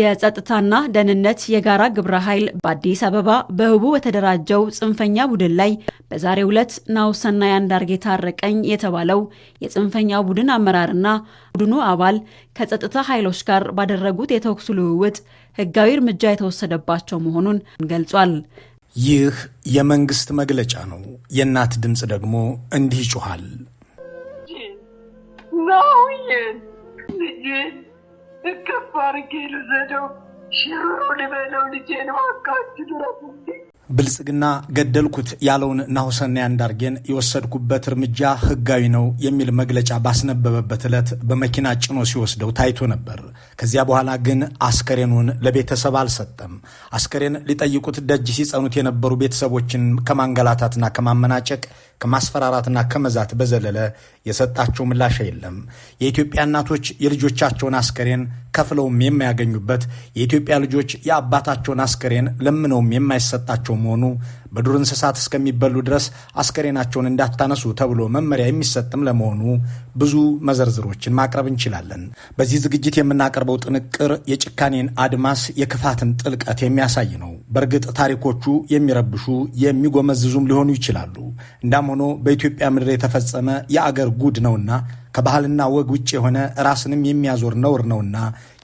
የጸጥታና ደህንነት የጋራ ግብረ ኃይል በአዲስ አበባ በህቡ በተደራጀው ጽንፈኛ ቡድን ላይ በዛሬው ዕለት ናሁሰና ያንዳርጌ ታረቀኝ የተባለው የጽንፈኛ ቡድን አመራርና ቡድኑ አባል ከጸጥታ ኃይሎች ጋር ባደረጉት የተኩስ ልውውጥ ህጋዊ እርምጃ የተወሰደባቸው መሆኑን ገልጿል። ይህ የመንግስት መግለጫ ነው። የእናት ድምፅ ደግሞ እንዲህ ይጮኋል። ልበለው ብልጽግና ገደልኩት ያለውን ናሁሰናይ አንዳርጌን የወሰድኩበት እርምጃ ህጋዊ ነው የሚል መግለጫ ባስነበበበት ዕለት በመኪና ጭኖ ሲወስደው ታይቶ ነበር። ከዚያ በኋላ ግን አስከሬኑን ለቤተሰብ አልሰጠም። አስከሬን ሊጠይቁት ደጅ ሲጸኑት የነበሩ ቤተሰቦችን ከማንገላታትና ከማመናጨቅ ከማስፈራራትና ከመዛት በዘለለ የሰጣቸው ምላሽ የለም። የኢትዮጵያ እናቶች የልጆቻቸውን አስከሬን ከፍለውም የማያገኙበት፣ የኢትዮጵያ ልጆች የአባታቸውን አስከሬን ለምነውም የማይሰጣቸው መሆኑ በዱር እንስሳት እስከሚበሉ ድረስ አስከሬናቸውን እንዳታነሱ ተብሎ መመሪያ የሚሰጥም ለመሆኑ ብዙ መዘርዝሮችን ማቅረብ እንችላለን። በዚህ ዝግጅት የምናቀርበው ጥንቅር የጭካኔን አድማስ፣ የክፋትን ጥልቀት የሚያሳይ ነው። በእርግጥ ታሪኮቹ የሚረብሹ የሚጎመዝዙም ሊሆኑ ይችላሉ። እንዳም ሆኖ በኢትዮጵያ ምድር የተፈጸመ የአገር ጉድ ነውና ከባህልና ወግ ውጭ የሆነ ራስንም የሚያዞር ነውር ነውና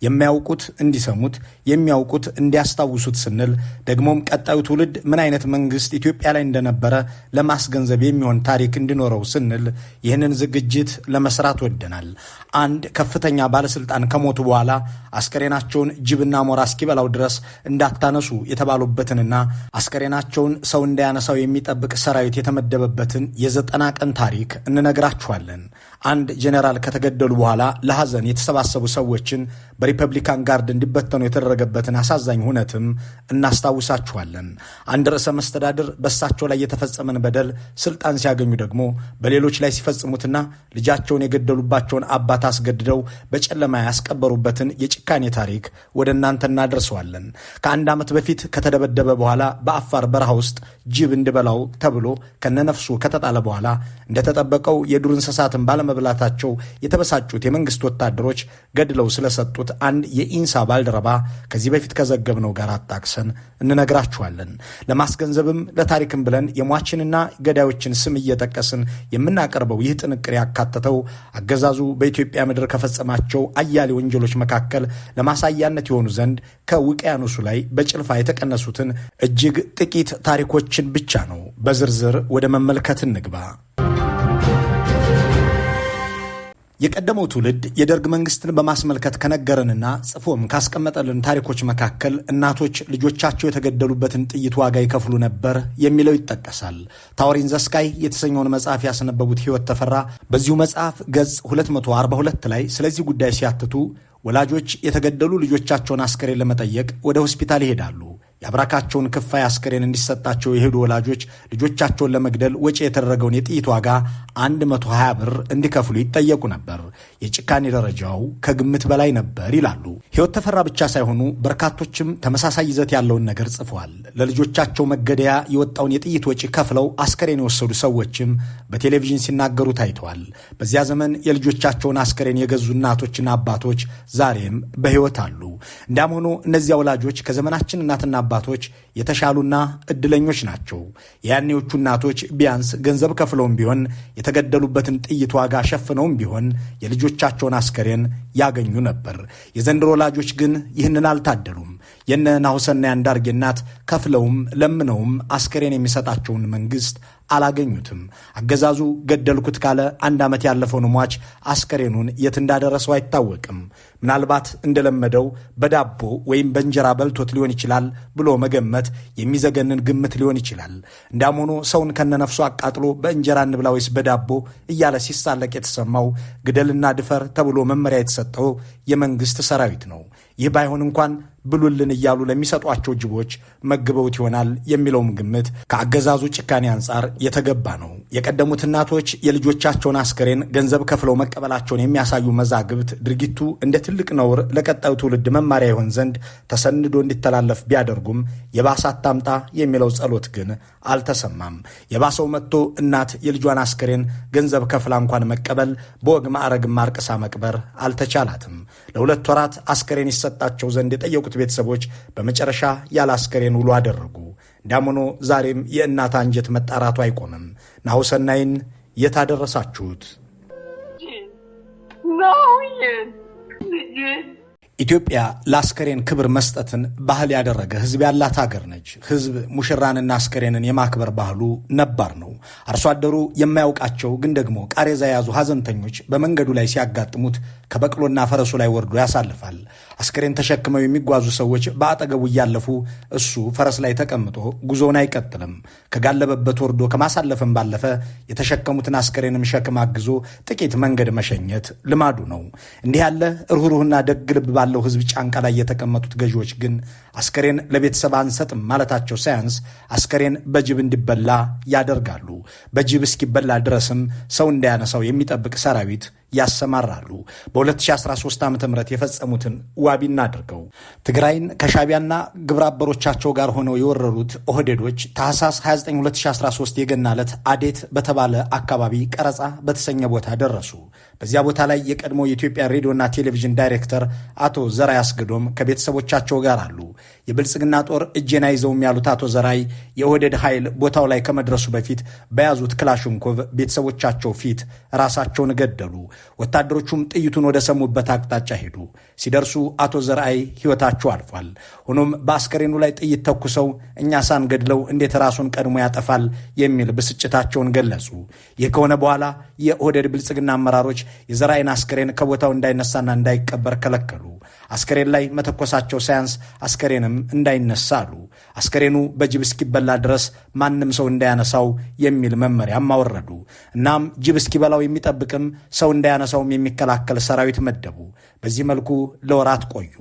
የሚያውቁት እንዲሰሙት የሚያውቁት እንዲያስታውሱት ስንል ደግሞም ቀጣዩ ትውልድ ምን አይነት መንግስት ኢትዮጵያ ላይ እንደነበረ ለማስገንዘብ የሚሆን ታሪክ እንዲኖረው ስንል ይህንን ዝግጅት ለመስራት ወደናል። አንድ ከፍተኛ ባለስልጣን ከሞቱ በኋላ አስከሬናቸውን ጅብና ሞራ እስኪበላው ድረስ እንዳታነሱ የተባሉበትንና አስከሬናቸውን ሰው እንዳያነሳው የሚጠብቅ ሰራዊት የተመደበበትን የዘጠና ቀን ታሪክ እንነግራችኋለን። አንድ ጄኔራል ከተገደሉ በኋላ ለሐዘን የተሰባሰቡ ሰዎችን በሪፐብሊካን ጋርድ እንዲበተኑ የተደረገበትን አሳዛኝ ሁነትም እናስታውሳችኋለን። አንድ ርዕሰ መስተዳድር በእሳቸው ላይ የተፈጸመን በደል ስልጣን ሲያገኙ ደግሞ በሌሎች ላይ ሲፈጽሙትና ልጃቸውን የገደሉባቸውን አባት አስገድደው በጨለማ ያስቀበሩበትን የጭካኔ ታሪክ ወደ እናንተ እናደርሰዋለን። ከአንድ ዓመት በፊት ከተደበደበ በኋላ በአፋር በረሃ ውስጥ ጅብ እንዲበላው ተብሎ ከነነፍሱ ከተጣለ በኋላ እንደተጠበቀው የዱር እንስሳትን ባለመብላታቸው የተበሳጩት የመንግስት ወታደሮች ገድለው ስለሰጡት አንድ የኢንሳ ባልደረባ ከዚህ በፊት ከዘገብነው ጋር አጣቅሰን እንነግራችኋለን። ለማስገንዘብም ለታሪክም ብለን የሟችንና ገዳዮችን ስም እየጠቀስን የምናቀርበው ይህ ጥንቅር ያካተተው አገዛዙ በኢትዮጵያ ምድር ከፈጸማቸው አያሌ ወንጀሎች መካከል ለማሳያነት የሆኑ ዘንድ ከውቅያኖሱ ላይ በጭልፋ የተቀነሱትን እጅግ ጥቂት ታሪኮችን ብቻ ነው። በዝርዝር ወደ መመልከት እንግባ። የቀደመው ትውልድ የደርግ መንግስትን በማስመልከት ከነገረንና ጽፎም ካስቀመጠልን ታሪኮች መካከል እናቶች ልጆቻቸው የተገደሉበትን ጥይት ዋጋ ይከፍሉ ነበር የሚለው ይጠቀሳል። ታወሪን ዘስካይ የተሰኘውን መጽሐፍ ያስነበቡት ህይወት ተፈራ በዚሁ መጽሐፍ ገጽ 242 ላይ ስለዚህ ጉዳይ ሲያትቱ ወላጆች የተገደሉ ልጆቻቸውን አስከሬን ለመጠየቅ ወደ ሆስፒታል ይሄዳሉ። የአብራካቸውን ክፋይ አስከሬን እንዲሰጣቸው የሄዱ ወላጆች ልጆቻቸውን ለመግደል ወጪ የተደረገውን የጥይት ዋጋ 120 ብር እንዲከፍሉ ይጠየቁ ነበር። የጭካኔ ደረጃው ከግምት በላይ ነበር ይላሉ። ሕይወት ተፈራ ብቻ ሳይሆኑ በርካቶችም ተመሳሳይ ይዘት ያለውን ነገር ጽፏል። ለልጆቻቸው መገደያ የወጣውን የጥይት ወጪ ከፍለው አስከሬን የወሰዱ ሰዎችም በቴሌቪዥን ሲናገሩ ታይተዋል። በዚያ ዘመን የልጆቻቸውን አስከሬን የገዙ እናቶችና አባቶች ዛሬም በሕይወት አሉ። እንዲያም ሆኖ እነዚያ ወላጆች ከዘመናችን እናትና አባቶች የተሻሉና እድለኞች ናቸው። የያኔዎቹ እናቶች ቢያንስ ገንዘብ ከፍለውም ቢሆን የተገደሉበትን ጥይት ዋጋ ሸፍነውም ቢሆን የልጆቻቸውን አስከሬን ያገኙ ነበር። የዘንድሮ ወላጆች ግን ይህንን አልታደሉም። የነ ናሁሰና የአንዳርጌ እናት ከፍለውም ለምነውም አስከሬን የሚሰጣቸውን መንግስት አላገኙትም። አገዛዙ ገደልኩት ካለ አንድ ዓመት ያለፈውን ሟች አስከሬኑን የት እንዳደረሰው አይታወቅም። ምናልባት እንደለመደው በዳቦ ወይም በእንጀራ በልቶት ሊሆን ይችላል ብሎ መገመት የሚዘገንን ግምት ሊሆን ይችላል። እንዳም ሆኖ ሰውን ከነነፍሱ አቃጥሎ በእንጀራ እንብላ ወይስ በዳቦ እያለ ሲሳለቅ የተሰማው ግደልና ድፈር ተብሎ መመሪያ የተሰጠው የመንግስት ሰራዊት ነው። ይህ ባይሆን እንኳን ብሉልን እያሉ ለሚሰጧቸው ጅቦች መግበውት ይሆናል የሚለውም ግምት ከአገዛዙ ጭካኔ አንጻር የተገባ ነው። የቀደሙት እናቶች የልጆቻቸውን አስክሬን ገንዘብ ከፍለው መቀበላቸውን የሚያሳዩ መዛግብት ድርጊቱ እንደ ትልቅ ነውር ለቀጣዩ ትውልድ መማሪያ ይሆን ዘንድ ተሰንዶ እንዲተላለፍ ቢያደርጉም የባሰ አታምጣ የሚለው ጸሎት ግን አልተሰማም። የባሰው መጥቶ እናት የልጇን አስክሬን ገንዘብ ከፍላ እንኳን መቀበል በወግ ማዕረግም ማርቅሳ መቅበር አልተቻላትም። ለሁለት ወራት አስክሬን ይሰጣቸው ዘንድ የጠየቁት ቤተሰቦች በመጨረሻ ያላስከሬን ውሎ አደረጉ። እንዳም ዛሬም የእናት አንጀት መጣራቱ አይቆምም። ናሁሰናይን የት አደረሳችሁት? ኢትዮጵያ ለአስከሬን ክብር መስጠትን ባህል ያደረገ ህዝብ ያላት ሀገር ነች። ህዝብ ሙሽራንና አስከሬንን የማክበር ባህሉ ነባር ነው። አርሶ አደሩ የማያውቃቸው ግን ደግሞ ቃሬዛ የያዙ ሀዘንተኞች በመንገዱ ላይ ሲያጋጥሙት ከበቅሎና ፈረሱ ላይ ወርዶ ያሳልፋል። አስከሬን ተሸክመው የሚጓዙ ሰዎች በአጠገቡ እያለፉ እሱ ፈረስ ላይ ተቀምጦ ጉዞውን አይቀጥልም። ከጋለበበት ወርዶ ከማሳለፍም ባለፈ የተሸከሙትን አስከሬንም ሸክም አግዞ ጥቂት መንገድ መሸኘት ልማዱ ነው። እንዲህ ያለ ርኅሩህና ደግ ልብ ባለው ህዝብ ጫንቃ ላይ የተቀመጡት ገዢዎች ግን አስከሬን ለቤተሰብ አንሰጥም ማለታቸው ሳያንስ አስከሬን በጅብ እንዲበላ ያደርጋሉ። በጅብ እስኪበላ ድረስም ሰው እንዳያነሳው የሚጠብቅ ሰራዊት ያሰማራሉ። በ2013 ዓ ም የፈጸሙትን ዋቢ እናድርገው። ትግራይን ከሻቢያና ግብረአበሮቻቸው ጋር ሆነው የወረሩት ኦህዴዶች ታህሳስ 29 2013 የገና ዕለት አዴት በተባለ አካባቢ ቀረጻ በተሰኘ ቦታ ደረሱ። በዚያ ቦታ ላይ የቀድሞ የኢትዮጵያ ሬዲዮና ቴሌቪዥን ዳይሬክተር አቶ አቶ ዘራይ አስገዶም ከቤተሰቦቻቸው ጋር አሉ። የብልጽግና ጦር እጄና ይዘውም ያሉት አቶ ዘራይ የወደድ ኃይል ቦታው ላይ ከመድረሱ በፊት በያዙት ክላሽንኮቭ ቤተሰቦቻቸው ፊት ራሳቸውን ገደሉ። ወታደሮቹም ጥይቱን ወደ ሰሙበት አቅጣጫ ሄዱ። ሲደርሱ አቶ ዘራይ ሕይወታቸው አልፏል። ሆኖም በአስከሬኑ ላይ ጥይት ተኩሰው እኛ ሳንገድለው እንዴት ራሱን ቀድሞ ያጠፋል የሚል ብስጭታቸውን ገለጹ። ይህ ከሆነ በኋላ የኦህዴድ ብልጽግና አመራሮች የዘራይን አስከሬን ከቦታው እንዳይነሳና እንዳይቀበር ከለከሉ። አስከሬን ላይ መተኮሳቸው ሳያንስ አስከሬንም እንዳይነሳ አሉ። አስከሬኑ በጅብ እስኪበላ ድረስ ማንም ሰው እንዳያነሳው የሚል መመሪያም አወረዱ። እናም ጅብ እስኪበላው የሚጠብቅም ሰው እንዳያነሳውም የሚከላከል ሰራዊት መደቡ። በዚህ መልኩ ለወራት ቆዩ።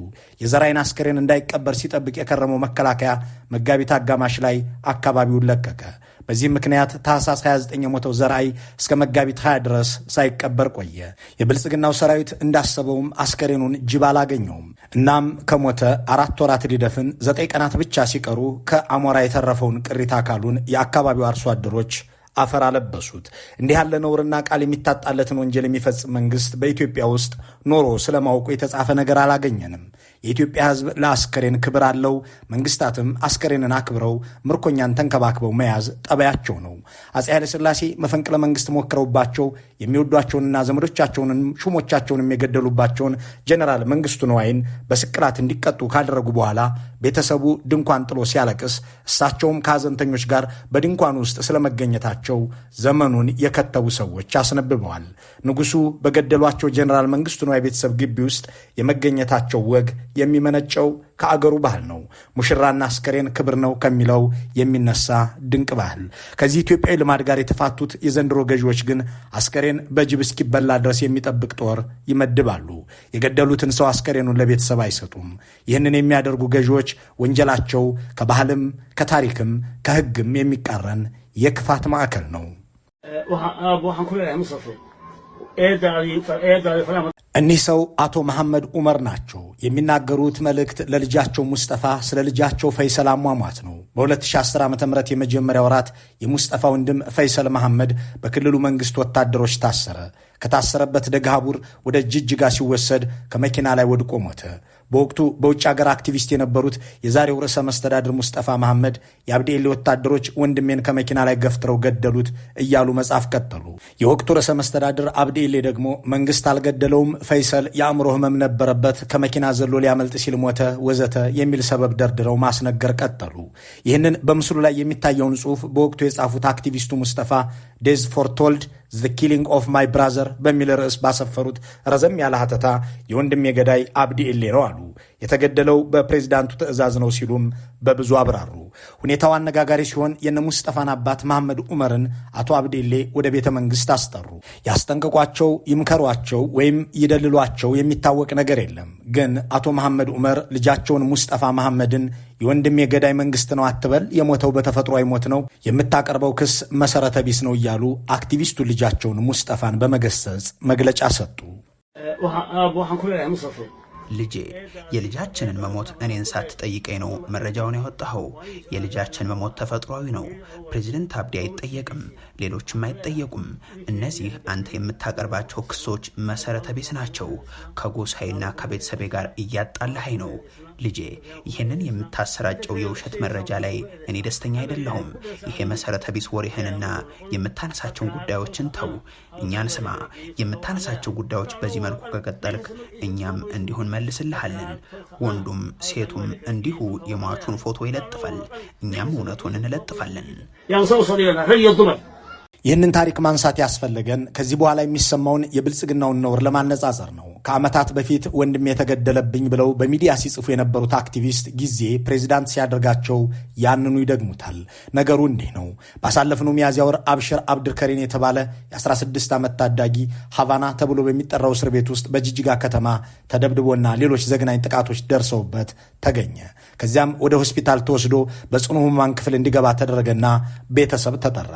የዘራይን አስከሬን እንዳይቀበር ሲጠብቅ የከረመው መከላከያ መጋቢት አጋማሽ ላይ አካባቢውን ለቀቀ። በዚህም ምክንያት ታህሳስ 29 የሞተው ዘርአይ እስከ መጋቢት 20 ድረስ ሳይቀበር ቆየ። የብልጽግናው ሰራዊት እንዳሰበውም አስከሬኑን ጅብ አላገኘውም። እናም ከሞተ አራት ወራት ሊደፍን ዘጠኝ ቀናት ብቻ ሲቀሩ ከአሞራ የተረፈውን ቅሪት አካሉን የአካባቢው አርሶ አደሮች አፈር አለበሱት። እንዲህ ያለ ነውርና ቃል የሚታጣለትን ወንጀል የሚፈጽም መንግስት በኢትዮጵያ ውስጥ ኖሮ ስለማወቁ የተጻፈ ነገር አላገኘንም። የኢትዮጵያ ሕዝብ ለአስከሬን ክብር አለው። መንግስታትም አስከሬንን አክብረው ምርኮኛን ተንከባክበው መያዝ ጠበያቸው ነው። አፄ ኃይለሥላሴ መፈንቅለ መንግስት ሞክረውባቸው የሚወዷቸውንና ዘመዶቻቸውንም ሹሞቻቸውንም የገደሉባቸውን ጀኔራል መንግስቱ ነዋይን በስቅላት እንዲቀጡ ካደረጉ በኋላ ቤተሰቡ ድንኳን ጥሎ ሲያለቅስ እሳቸውም ከሐዘንተኞች ጋር በድንኳን ውስጥ ስለመገኘታቸው ዘመኑን የከተቡ ሰዎች አስነብበዋል። ንጉሱ በገደሏቸው ጀኔራል መንግስቱ ነዋይ ቤተሰብ ግቢ ውስጥ የመገኘታቸው ወግ የሚመነጨው ከአገሩ ባህል ነው። ሙሽራና አስከሬን ክብር ነው ከሚለው የሚነሳ ድንቅ ባህል። ከዚህ ኢትዮጵያዊ ልማድ ጋር የተፋቱት የዘንድሮ ገዢዎች ግን አስከሬን በጅብ እስኪበላ ድረስ የሚጠብቅ ጦር ይመድባሉ። የገደሉትን ሰው አስከሬኑን ለቤተሰብ አይሰጡም። ይህንን የሚያደርጉ ገዢዎች ወንጀላቸው ከባህልም ከታሪክም ከሕግም የሚቃረን የክፋት ማዕከል ነው። እኒህ ሰው አቶ መሐመድ ዑመር ናቸው። የሚናገሩት መልእክት ለልጃቸው ሙስጠፋ ስለ ልጃቸው ፈይሰል አሟሟት ነው። በ2010 ዓ ም የመጀመሪያ ወራት የሙስጠፋ ወንድም ፈይሰል መሐመድ በክልሉ መንግሥት ወታደሮች ታሰረ። ከታሰረበት ደግሃቡር ወደ ጅጅጋ ሲወሰድ ከመኪና ላይ ወድቆ ሞተ። በወቅቱ በውጭ ሀገር አክቲቪስት የነበሩት የዛሬው ርዕሰ መስተዳድር ሙስጠፋ መሐመድ የአብዲኤሌ ወታደሮች ወንድሜን ከመኪና ላይ ገፍትረው ገደሉት እያሉ መጽሐፍ ቀጠሉ። የወቅቱ ርዕሰ መስተዳድር አብዲኤሌ ደግሞ መንግስት አልገደለውም፣ ፈይሰል የአእምሮ ህመም ነበረበት፣ ከመኪና ዘሎ ሊያመልጥ ሲል ሞተ፣ ወዘተ የሚል ሰበብ ደርድረው ማስነገር ቀጠሉ። ይህንን በምስሉ ላይ የሚታየውን ጽሑፍ በወቅቱ የጻፉት አክቲቪስቱ ሙስጠፋ ዴዝ ፎርቶልድ ዘ ኪሊንግ ኦፍ ማይ ብራዘር በሚል ርዕስ ባሰፈሩት ረዘም ያለ ሀተታ የወንድሜ ገዳይ አብዲ ኢሌ ነው አሉ። የተገደለው በፕሬዚዳንቱ ትዕዛዝ ነው ሲሉም በብዙ አብራሩ። ሁኔታው አነጋጋሪ ሲሆን የነ ሙስጠፋን አባት መሐመድ ዑመርን አቶ አብዲ ወደ ቤተ መንግስት አስጠሩ። ያስጠንቅቋቸው፣ ይምከሯቸው ወይም ይደልሏቸው የሚታወቅ ነገር የለም። ግን አቶ መሐመድ ዑመር ልጃቸውን ሙስጠፋ መሐመድን የወንድም የገዳይ መንግስት ነው አትበል፣ የሞተው በተፈጥሯዊ ሞት ነው፣ የምታቀርበው ክስ መሰረተ ቢስ ነው እያሉ አክቲቪስቱ ልጃቸውን ሙስጠፋን በመገሰጽ መግለጫ ሰጡ። ልጄ የልጃችንን መሞት እኔን ሳትጠይቀኝ ነው መረጃውን ያወጣኸው። የልጃችን መሞት ተፈጥሯዊ ነው። ፕሬዚደንት አብዲ አይጠየቅም። ሌሎችም አይጠየቁም። እነዚህ አንተ የምታቀርባቸው ክሶች መሰረተ ቢስ ናቸው። ከጎሳዬና ከቤተሰቤ ጋር እያጣላኸኝ ነው ልጄ። ይህንን የምታሰራጨው የውሸት መረጃ ላይ እኔ ደስተኛ አይደለሁም። ይሄ መሰረተ ቢስ ወሬህንና የምታነሳቸውን ጉዳዮችን ተው፣ እኛን ስማ። የምታነሳቸው ጉዳዮች በዚህ መልኩ ከቀጠልክ እኛም እንዲሁን መልስልሃለን። ወንዱም ሴቱም እንዲሁ የሟቹን ፎቶ ይለጥፋል፣ እኛም እውነቱን እንለጥፋለን። ይህንን ታሪክ ማንሳት ያስፈለገን ከዚህ በኋላ የሚሰማውን የብልጽግናውን ነውር ለማነጻጸር ነው። ከዓመታት በፊት ወንድም የተገደለብኝ ብለው በሚዲያ ሲጽፉ የነበሩት አክቲቪስት ጊዜ ፕሬዚዳንት ሲያደርጋቸው ያንኑ ይደግሙታል። ነገሩ እንዲህ ነው። ባሳለፍነው ሚያዝያ ወር አብሽር አብድርከሪን የተባለ የ16 ዓመት ታዳጊ ሀቫና ተብሎ በሚጠራው እስር ቤት ውስጥ በጅጅጋ ከተማ ተደብድቦና ሌሎች ዘግናኝ ጥቃቶች ደርሰውበት ተገኘ። ከዚያም ወደ ሆስፒታል ተወስዶ በጽኑ ሕሙማን ክፍል እንዲገባ ተደረገና ቤተሰብ ተጠራ።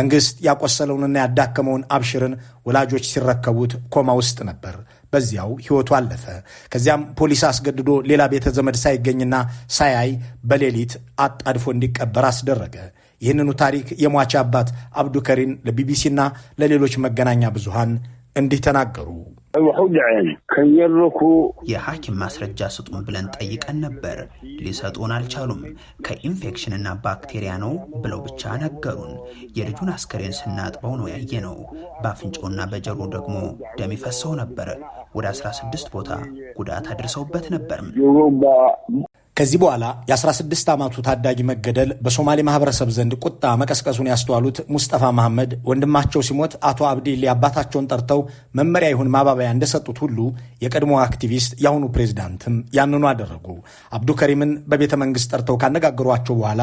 መንግስት ያቆሰለውንና ያዳከመውን አብሽርን ወላጆች ሲረከቡት ኮማ ውስጥ ነበር። በዚያው ሕይወቱ አለፈ። ከዚያም ፖሊስ አስገድዶ ሌላ ቤተ ዘመድ ሳይገኝና ሳያይ በሌሊት አጣድፎ እንዲቀበር አስደረገ። ይህንኑ ታሪክ የሟች አባት አብዱከሪን ለቢቢሲና ለሌሎች መገናኛ ብዙሃን እንዲህ ተናገሩ። የሐኪም ማስረጃ ስጡን ብለን ጠይቀን ነበር። ሊሰጡን አልቻሉም። ከኢንፌክሽንና ባክቴሪያ ነው ብለው ብቻ ነገሩን። የልጁን አስከሬን ስናጥበው ነው ያየ ነው። በአፍንጫውና በጀሮ ደግሞ ደም ይፈሰው ነበር። ወደ 16 ቦታ ጉዳት አድርሰውበት ነበር። ከዚህ በኋላ የ16 ዓመቱ ታዳጊ መገደል በሶማሌ ማህበረሰብ ዘንድ ቁጣ መቀስቀሱን ያስተዋሉት ሙስጠፋ መሐመድ ወንድማቸው ሲሞት አቶ አብዲሌ አባታቸውን ጠርተው መመሪያ ይሁን ማባበያ እንደሰጡት ሁሉ የቀድሞ አክቲቪስት የአሁኑ ፕሬዚዳንትም ያንኑ አደረጉ። አብዱከሪምን በቤተ መንግስት ጠርተው ካነጋገሯቸው በኋላ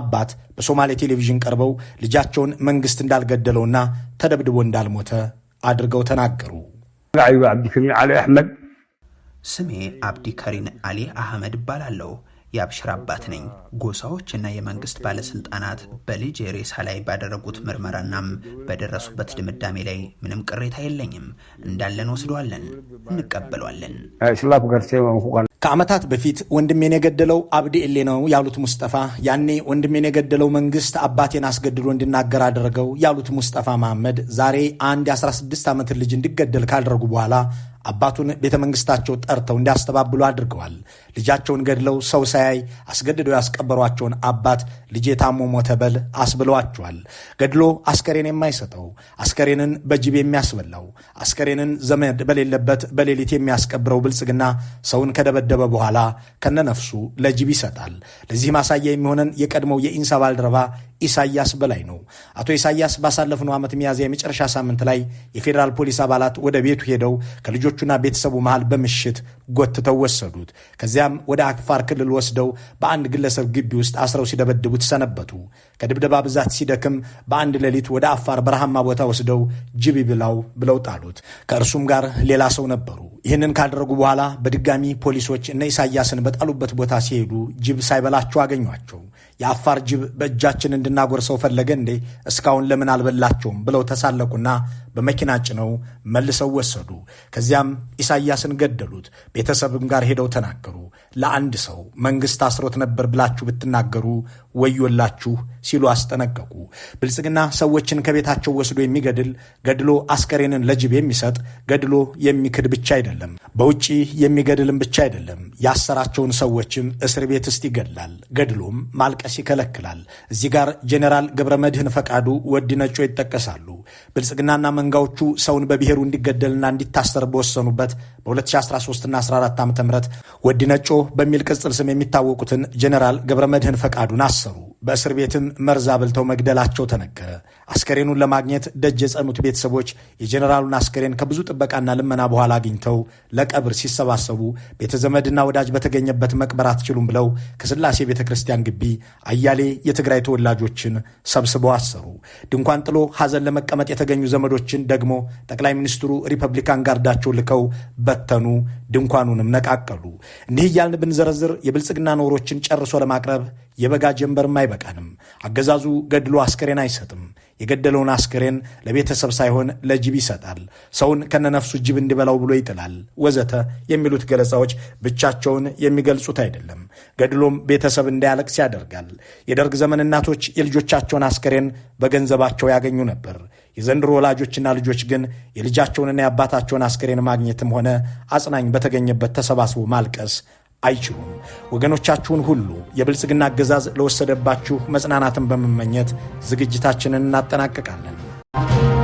አባት በሶማሌ ቴሌቪዥን ቀርበው ልጃቸውን መንግስት እንዳልገደለውና ተደብድቦ እንዳልሞተ አድርገው ተናገሩ። አብዱከሪም አሊ አሕመድ ስሜ አብዲ ከሪን አሊ አህመድ እባላለሁ። የአብሽር አባት ነኝ። ጎሳዎችና የመንግስት ባለስልጣናት በልጅ ሬሳ ላይ ባደረጉት ምርመራናም በደረሱበት ድምዳሜ ላይ ምንም ቅሬታ የለኝም። እንዳለን ወስደዋለን፣ እንቀበሏለን። ከዓመታት በፊት ወንድሜን የገደለው አብዲ ኤሌ ነው ያሉት ሙስጠፋ፣ ያኔ ወንድሜን የገደለው መንግስት አባቴን አስገድዶ እንድናገር አደረገው ያሉት ሙስጠፋ መሐመድ ዛሬ አንድ የ16 ዓመትን ልጅ እንዲገደል ካደረጉ በኋላ አባቱን ቤተ መንግስታቸው ጠርተው እንዲያስተባብሉ አድርገዋል። ልጃቸውን ገድለው ሰው ሳያይ አስገድደው ያስቀበሯቸውን አባት ልጄ ታሞ ሞተ በል አስብለዋቸዋል። ገድሎ አስከሬን የማይሰጠው አስከሬንን በጅብ የሚያስበላው አስከሬንን ዘመድ በሌለበት በሌሊት የሚያስቀብረው ብልጽግና ሰውን ከደበደበ በኋላ ከነነፍሱ ለጅብ ይሰጣል። ለዚህ ማሳያ የሚሆነን የቀድሞው የኢንሳ ባልደረባ ኢሳያስ በላይ ነው። አቶ ኢሳያስ ባሳለፍነው ዓመት ሚያዝያ የመጨረሻ ሳምንት ላይ የፌዴራል ፖሊስ አባላት ወደ ቤቱ ሄደው ከልጆቹና ቤተሰቡ መሃል በምሽት ጎትተው ወሰዱት። ከዚያም ወደ አፋር ክልል ወስደው በአንድ ግለሰብ ግቢ ውስጥ አስረው ሲደበድቡት ሰነበቱ። ከድብደባ ብዛት ሲደክም በአንድ ሌሊት ወደ አፋር በረሃማ ቦታ ወስደው ጅብ ብላው ብለው ጣሉት። ከእርሱም ጋር ሌላ ሰው ነበሩ። ይህንን ካደረጉ በኋላ በድጋሚ ፖሊሶች እነ ኢሳያስን በጣሉበት ቦታ ሲሄዱ ጅብ ሳይበላቸው አገኟቸው። የአፋር ጅብ በእጃችን እንድናጎርሰው ፈለገ እንዴ? እስካሁን ለምን አልበላቸውም? ብለው ተሳለቁና በመኪና ጭነው መልሰው ወሰዱ። ከዚያም ኢሳያስን ገደሉት። ቤተሰብም ጋር ሄደው ተናገሩ። ለአንድ ሰው መንግስት አስሮት ነበር ብላችሁ ብትናገሩ ወዮላችሁ ሲሉ አስጠነቀቁ። ብልጽግና ሰዎችን ከቤታቸው ወስዶ የሚገድል ገድሎ አስከሬንን ለጅብ የሚሰጥ ገድሎ የሚክድ ብቻ አይደለም፣ በውጭ የሚገድልም ብቻ አይደለም። ያሰራቸውን ሰዎችም እስር ቤት ውስጥ ይገድላል። ገድሎም ማልቀስ ይከለክላል። እዚህ ጋር ጄኔራል ገብረ መድህን ፈቃዱ ወዲ ነጮ ይጠቀሳሉ። ብልጽግናና መንጋዎቹ ሰውን በብሔሩ እንዲገደልና እንዲታሰር በወሰኑበት በ2013ና 14 ዓ ም ነጮ በሚል ቅጽል ስም የሚታወቁትን ጀኔራል ገብረ መድህን ፈቃዱን አሰሩ። በእስር ቤትም መርዝ አብልተው መግደላቸው ተነገረ። አስከሬኑን ለማግኘት ደጅ የጸኑት ቤተሰቦች የጀኔራሉን አስከሬን ከብዙ ጥበቃና ልመና በኋላ አግኝተው ለቀብር ሲሰባሰቡ ቤተዘመድና ወዳጅ በተገኘበት መቅበር አትችሉም ብለው ከስላሴ ቤተ ክርስቲያን ግቢ አያሌ የትግራይ ተወላጆችን ሰብስበው አሰሩ። ድንኳን ጥሎ ሐዘን ለመቀ መቀመጥ የተገኙ ዘመዶችን ደግሞ ጠቅላይ ሚኒስትሩ ሪፐብሊካን ጋርዳቸው ልከው በተኑ፣ ድንኳኑንም ነቃቀሉ። እንዲህ እያልን ብንዘረዝር የብልጽግና ኖሮችን ጨርሶ ለማቅረብ የበጋ ጀንበርም አይበቃንም። አገዛዙ ገድሎ አስከሬን አይሰጥም። የገደለውን አስክሬን ለቤተሰብ ሳይሆን ለጅብ ይሰጣል፣ ሰውን ከነነፍሱ ጅብ እንዲበላው ብሎ ይጥላል፣ ወዘተ የሚሉት ገለጻዎች ብቻቸውን የሚገልጹት አይደለም። ገድሎም ቤተሰብ እንዳያለቅስ ያደርጋል። የደርግ ዘመን እናቶች የልጆቻቸውን አስክሬን በገንዘባቸው ያገኙ ነበር። የዘንድሮ ወላጆችና ልጆች ግን የልጃቸውንና የአባታቸውን አስክሬን ማግኘትም ሆነ አጽናኝ በተገኘበት ተሰባስቦ ማልቀስ አይችሉም። ወገኖቻችሁን ሁሉ የብልጽግና አገዛዝ ለወሰደባችሁ መጽናናትን በመመኘት ዝግጅታችንን እናጠናቀቃለን።